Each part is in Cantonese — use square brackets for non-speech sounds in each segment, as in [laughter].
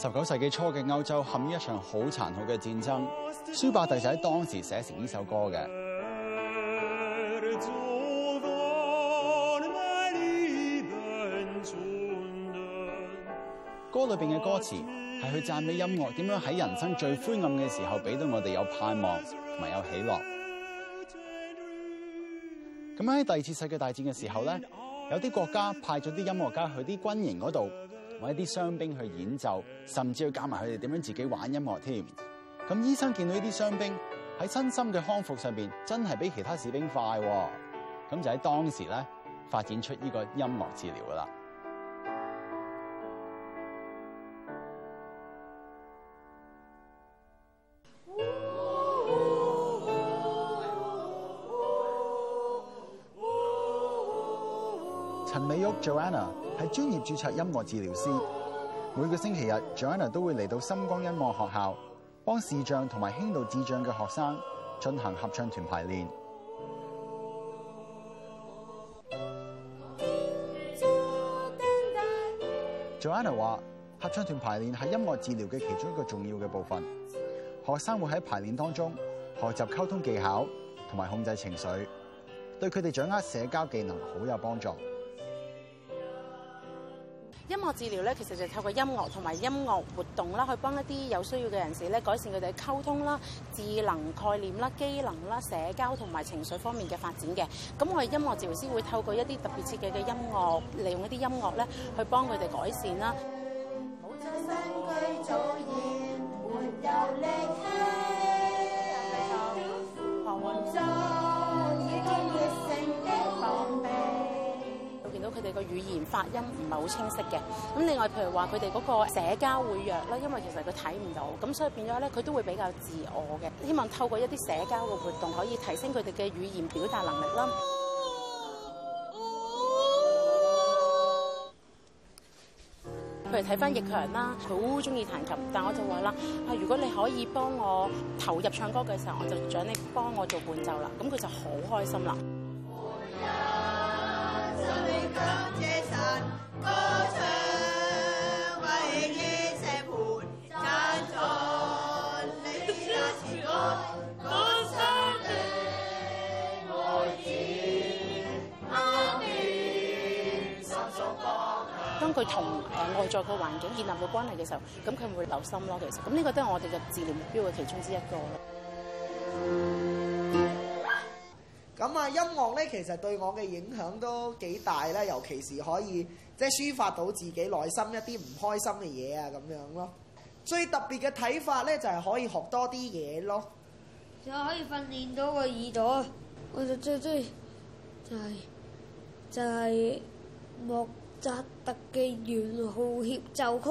十九世紀初嘅歐洲陷於一場好殘酷嘅戰爭，舒伯特就喺當時寫成呢首歌嘅。歌裏邊嘅歌詞係去讚美音樂點樣喺人生最灰暗嘅時候俾到我哋有盼望同埋有喜樂。咁喺第二次世界大戰嘅時候咧，有啲國家派咗啲音樂家去啲軍營嗰度。揾一啲傷兵去演奏，甚至要教埋佢哋點樣自己玩音樂添。咁醫生見到呢啲傷兵喺身心嘅康復上邊，真係比其他士兵快喎。咁就喺當時咧發展出呢個音樂治療㗎啦。陳美玉 Joanna 係專業註冊音樂治療師。每個星期日，Joanna 都會嚟到深光音樂學校，幫視障同埋輕度智障嘅學生進行合唱團排練。 [music] Joanna 話，合唱團排練係音樂治療嘅其中一個重要嘅部分。學生會喺排練當中學習溝通技巧同埋控制情緒，對佢哋掌握社交技能好有幫助。音樂治療咧，其實就透過音樂同埋音樂活動啦，去幫一啲有需要嘅人士咧，改善佢哋嘅溝通啦、智能概念啦、機能啦、社交同埋情緒方面嘅發展嘅。咁我哋音樂治療師，會透過一啲特別設計嘅音樂，利用一啲音樂咧，去幫佢哋改善啦。發音唔係好清晰嘅。咁另外譬如話佢哋嗰個社交會弱啦，因為其實佢睇唔到，咁所以變咗咧佢都會比較自我嘅。希望透過一啲社交嘅活動可以提升佢哋嘅語言表達能力啦。哦哦、譬如睇翻易強啦，佢好中意彈琴，但我就話啦，啊如果你可以幫我投入唱歌嘅時候，我就獎你幫我做伴奏啦，咁佢就好開心啦。哦當佢同誒外在嘅環境建立咗關係嘅時候，咁佢會留心咯。其實，咁呢個都係我哋嘅治療目標嘅其中之一個。 [music] 咁啊，音樂咧其實對我嘅影響都幾大啦，尤其是可以即係抒發到自己內心一啲唔開心嘅嘢啊咁樣咯。最特別嘅睇法咧就係可以學多啲嘢咯。就可以訓練到個耳朵，我就最中意就係就係莫扎特嘅圓號協奏曲。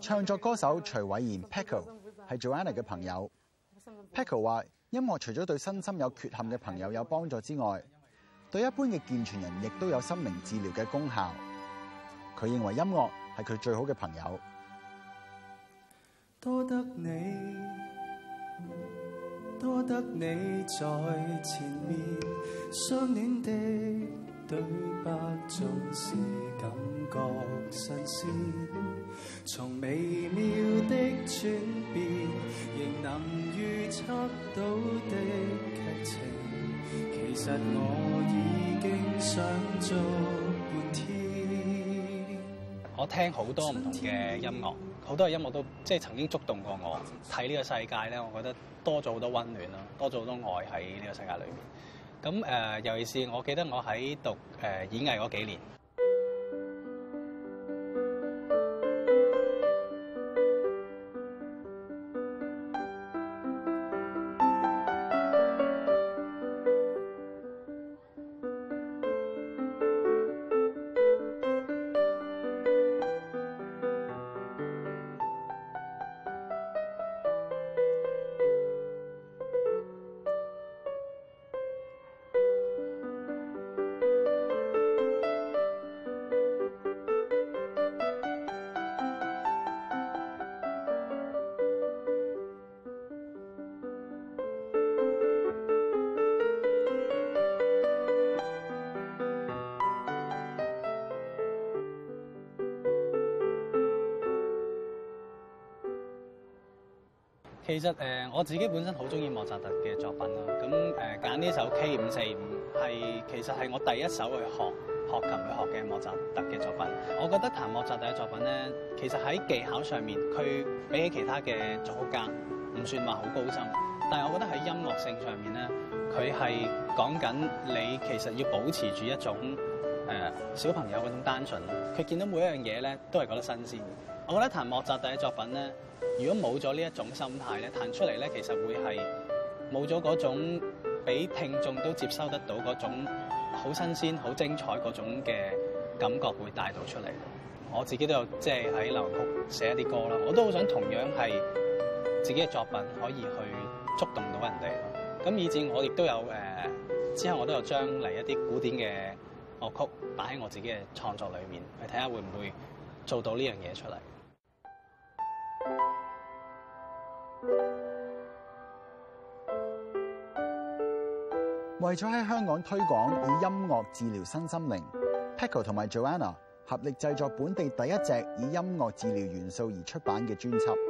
唱作歌手徐偉賢 Paco 係 Joanna 嘅朋友。Paco 話：音樂除咗對身心有缺陷嘅朋友有幫助之外，對一般嘅健全人亦都有心靈治療嘅功效。佢認為音樂係佢最好嘅朋友。多得你，多得你在前面，相戀的對白總是感覺新鮮。從微妙的轉變，仍能預測到的劇情，其實我已經想做半天。我聽好多唔同嘅音樂，好多嘅音樂都即係曾經觸動過我。睇呢個世界咧，我覺得多咗好多溫暖咯，多咗好多愛喺呢個世界裏面。咁誒、呃，尤其是我記得我喺讀誒、呃、演藝嗰幾年。其實誒、呃、我自己本身好中意莫扎特嘅作品咯，咁誒揀呢首 K 五四五係其實係我第一首去學學琴去學嘅莫扎特嘅作品。我覺得彈莫扎特嘅作品咧，其實喺技巧上面佢比起其他嘅作曲家唔算話好高深，但係我覺得喺音樂性上面咧，佢係講緊你其實要保持住一種誒、呃、小朋友嗰種單純，佢見到每一樣嘢咧都係覺得新鮮。我覺得彈莫扎特嘅作品咧。如果冇咗呢一種心態咧，彈出嚟咧，其實會係冇咗嗰種俾聽眾都接收得到嗰種好新鮮、好精彩嗰種嘅感覺，會帶到出嚟。我自己都有即係喺流行曲寫一啲歌啦，我都好想同樣係自己嘅作品可以去觸動到人哋。咁以至我亦都有誒、呃，之後我都有將嚟一啲古典嘅樂曲擺喺我自己嘅創作裏面，去睇下會唔會做到呢樣嘢出嚟。為咗喺香港推廣以音樂治療身心靈，Paco 同埋 Joanna 合力製作本地第一隻以音樂治療元素而出版嘅專輯。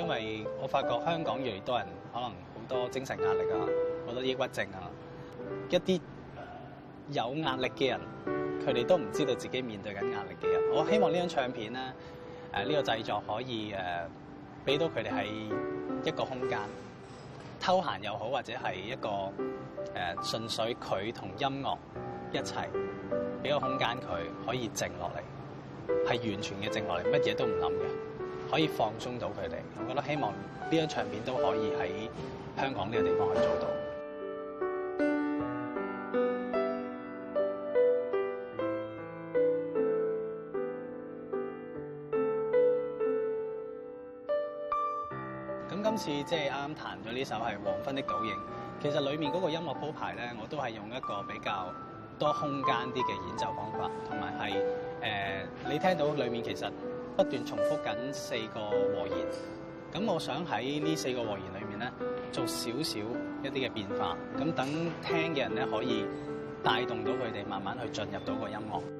因為我發覺香港越嚟越多人可能好多精神壓力啊，好多抑鬱症啊，一啲有壓力嘅人，佢哋都唔知道自己面對緊壓力嘅人。我希望呢張唱片咧，誒呢個製作可以誒俾到佢哋喺一個空間，偷閒又好，或者係一個誒純粹佢同音樂一齊俾個空間佢可以靜落嚟，係完全嘅靜落嚟，乜嘢都唔諗嘅。可以放鬆到佢哋，我覺得希望呢張唱片都可以喺香港呢個地方去做到。咁今 [music] 次即係啱啱彈咗呢首係《黃昏的倒影》，其實裏面嗰個音樂鋪排咧，我都係用一個比較多空間啲嘅演奏方法，同埋係誒你聽到裏面其實。不斷重複緊四個和弦，咁我想喺呢四個和弦裏面咧做少少一啲嘅變化，咁等聽嘅人咧可以帶動到佢哋慢慢去進入到個音樂。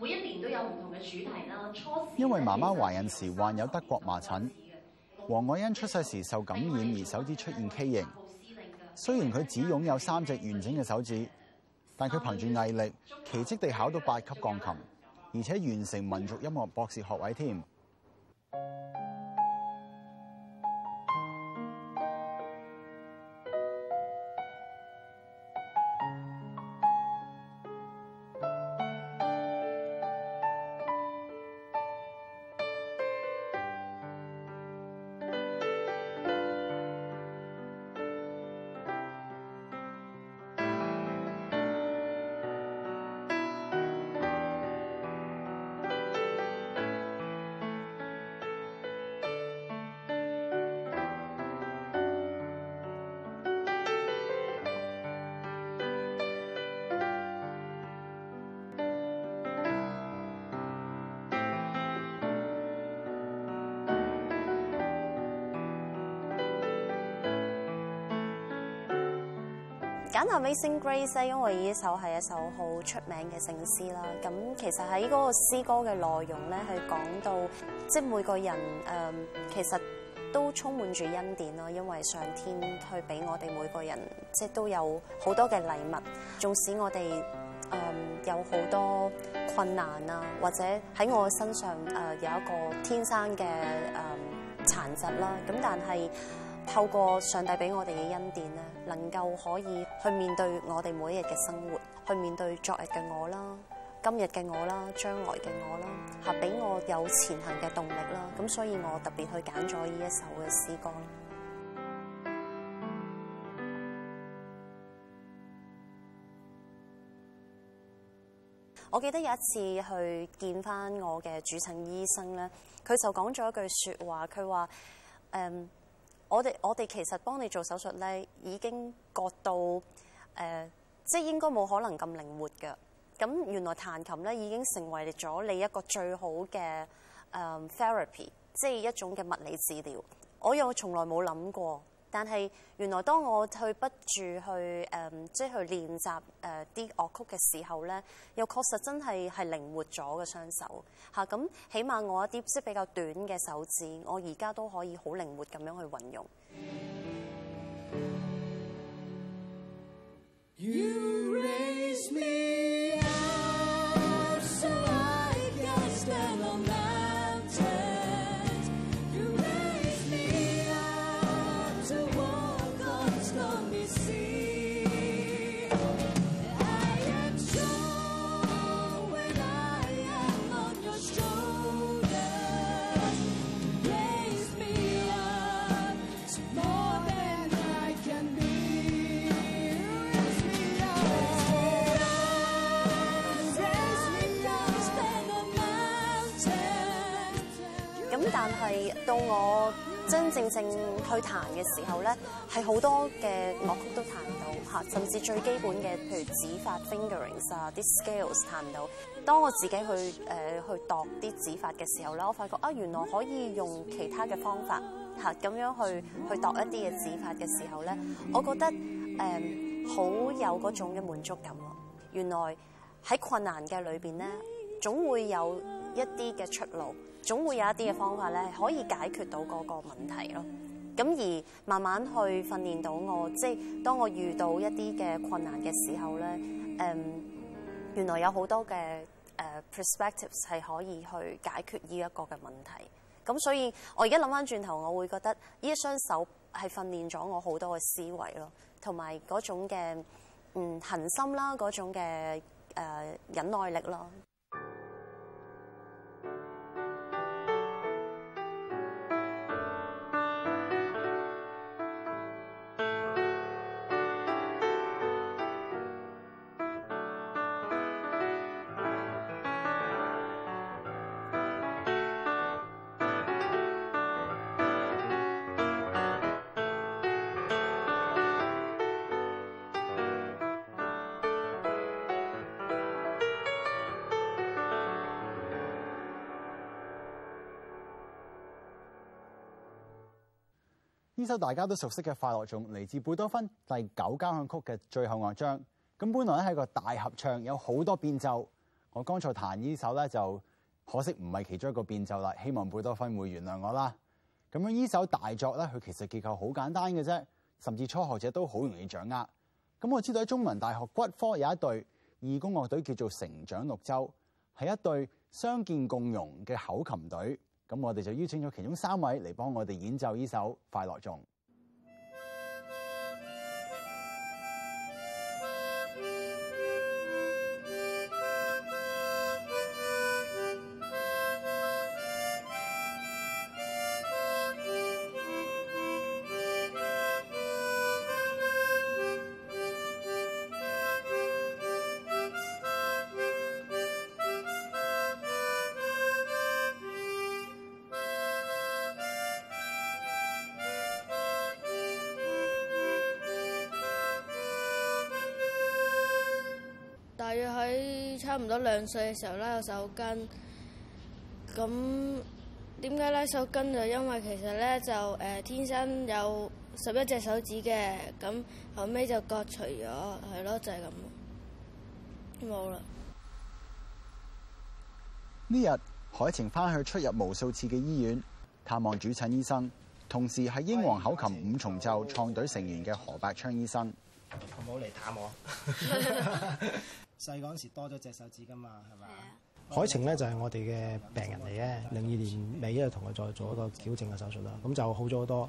每一年都有唔同嘅主題啦，初因為媽媽懷孕時患有德國麻疹，黃愛恩出世時受感染而手指出現畸形。雖然佢只擁有三隻完整嘅手指，但佢憑住毅力，奇蹟地考到八級鋼琴，而且完成民族音樂博士學位添。簡單《Amazing Grace》因為呢首係一首好出名嘅聖詩啦。咁其實喺嗰個詩歌嘅內容咧，係講到即係每個人誒、呃，其實都充滿住恩典咯。因為上天去俾我哋每個人，即係都有好多嘅禮物，縱使我哋誒、呃、有好多困難啊，或者喺我身上誒、呃、有一個天生嘅誒、呃、殘疾啦。咁但係，透過上帝俾我哋嘅恩典咧，能夠可以去面對我哋每一日嘅生活，去面對昨日嘅我啦、今日嘅我啦、將來嘅我啦，係俾我有前行嘅動力啦。咁所以，我特別去揀咗呢一首嘅詩歌。 [music] 我記得有一次去見翻我嘅主診醫生咧，佢就講咗一句説話，佢話：誒、嗯。我哋我哋其實幫你做手術呢，已經割到、呃、即係應該冇可能咁靈活㗎。咁、嗯、原來彈琴呢，已經成為咗你一個最好嘅誒、呃、therapy，即係一種嘅物理治療。我又從來冇諗過。但係原來當我去不住去誒，即、嗯、係、係、去練習誒啲樂曲嘅時候咧，又確實真係係靈活咗嘅雙手吓。咁、啊、起碼我一啲即係比較短嘅手指，我而家都可以好靈活咁樣去運用。係到我真正正去彈嘅時候咧，係好多嘅樂曲都彈到吓，甚至最基本嘅，譬如指法 （fingerings） 啊，啲 scales 彈到。當我自己去誒、呃、去度啲指法嘅時候咧，我發覺啊，原來可以用其他嘅方法吓，咁、啊、樣去去度一啲嘅指法嘅時候咧，我覺得誒好、呃、有嗰種嘅滿足感咯。原來喺困難嘅裏邊咧，總會有一啲嘅出路。總會有一啲嘅方法咧，可以解決到嗰個問題咯。咁而慢慢去訓練到我，即係當我遇到一啲嘅困難嘅時候咧，誒、嗯，原來有好多嘅誒、呃、perspectives 係可以去解決呢一個嘅問題。咁、嗯、所以，我而家諗翻轉頭，我會覺得呢一雙手係訓練咗我好多嘅思維咯，同埋嗰種嘅嗯恆心啦，嗰種嘅誒、呃、忍耐力咯。呢首大家都熟悉嘅《快樂頌》嚟自貝多芬第九交響曲嘅最後樂章。咁本來咧係一個大合唱，有好多變奏。我剛才彈呢首咧就可惜唔係其中一個變奏啦。希望貝多芬會原諒我啦。咁樣呢首大作咧，佢其實結構好簡單嘅啫，甚至初學者都好容易掌握。咁我知道喺中文大學骨科有一隊義工樂隊，叫做成長綠洲，係一隊傷健共融嘅口琴隊。咁我哋就邀請咗其中三位嚟幫我哋演奏呢首《快樂頌》。差唔多兩歲嘅時候拉手筋，咁點解拉手筋？就因為其實咧就誒、呃、天生有十一隻手指嘅，咁後尾就割除咗，係咯就係咁冇啦。呢日海晴翻去出入無數次嘅醫院，探望主診醫生，同時係英皇口琴五重奏創隊成員嘅何百昌醫生。唔好嚟探我。細嗰陣時多咗隻手指噶嘛，係咪？海晴咧就係我哋嘅病人嚟嘅，零二年尾啊同佢再做一個矯正嘅手術啦，咁就好咗好多。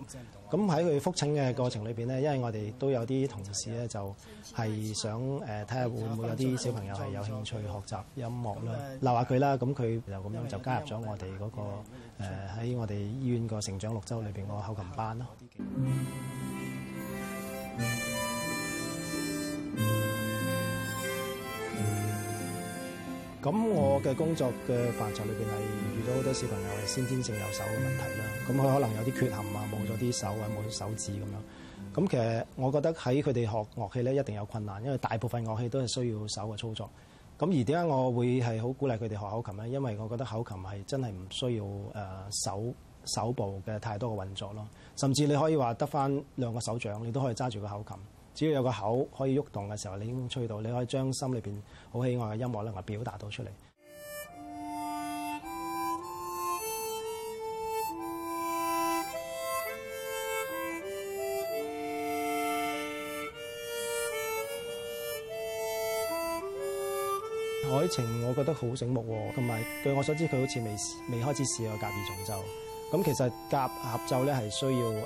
咁喺佢復診嘅過程裏邊咧，因為我哋都有啲同事咧就係想誒睇下會唔會有啲小朋友係有興趣學習音樂啦，鬧下佢啦，咁佢就咁樣就加入咗我哋嗰、那個喺我哋醫院個成長綠洲裏邊個口琴班咯。嗯咁我嘅工作嘅範疇裏邊係遇到好多小朋友係先天性有手嘅問題啦，咁佢可能有啲缺陷啊，冇咗啲手啊，冇咗手指咁樣。咁其實我覺得喺佢哋學樂器咧，一定有困難，因為大部分樂器都係需要手嘅操作。咁而點解我會係好鼓勵佢哋學口琴咧？因為我覺得口琴係真係唔需要誒、呃、手手部嘅太多嘅運作咯，甚至你可以話得翻兩個手掌，你都可以揸住個口琴。只要有個口可以喐動嘅時候，你已經吹到，你可以將心裏面好喜愛嘅音樂能夠表達到出嚟。 [music] 海情我覺得好醒目喎，同埋據我所知，佢好似未未開始試過夾二重奏。咁其實夾合奏咧，係需要誒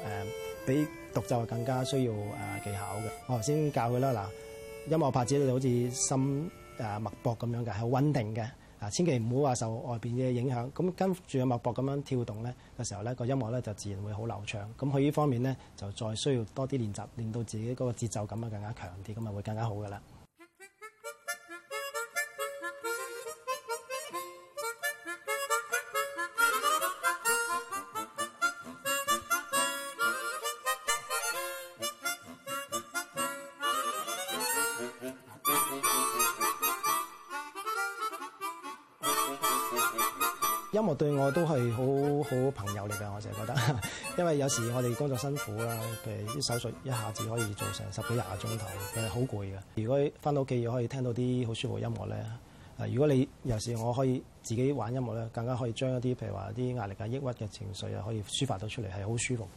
俾。Uh, 獨奏係更加需要誒技巧嘅。我頭先教佢啦，嗱，音樂拍子咧就好似心誒脈搏咁樣嘅，係好穩定嘅。啊，千祈唔好話受外邊嘅影響。咁跟住個脈搏咁樣跳動咧嘅時候咧，個音樂咧就自然會好流暢。咁佢呢方面咧就再需要多啲練習，令到自己嗰個節奏感啊更加強啲，咁啊會更加好噶啦。我對我都係好好朋友嚟嘅。我成日覺得，因為有時我哋工作辛苦啦，譬如啲手術一下子可以做成十幾廿個鐘頭，其實好攰嘅。如果翻到屋企又可以聽到啲好舒服嘅音樂咧，如果你有時我可以自己玩音樂咧，更加可以將一啲譬如話啲壓力啊、抑鬱嘅情緒啊，可以抒發到出嚟，係好舒服。